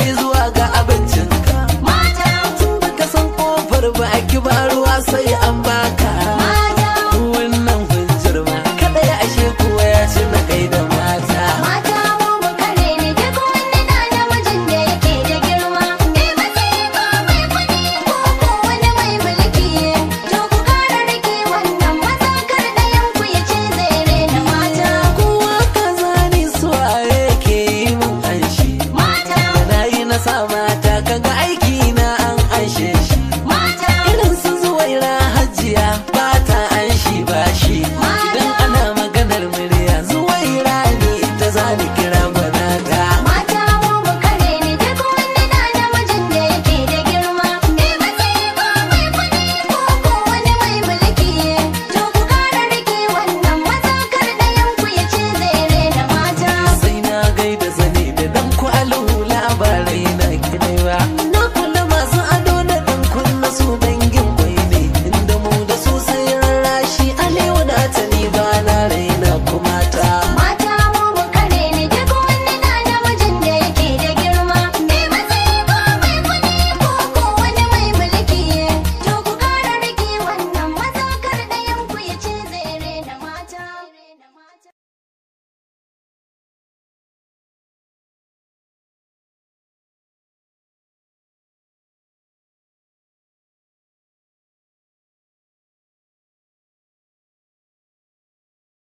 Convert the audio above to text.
kai zuwa ga abincinka mata tun da ka san kofar ba a ba ruwa sai an ba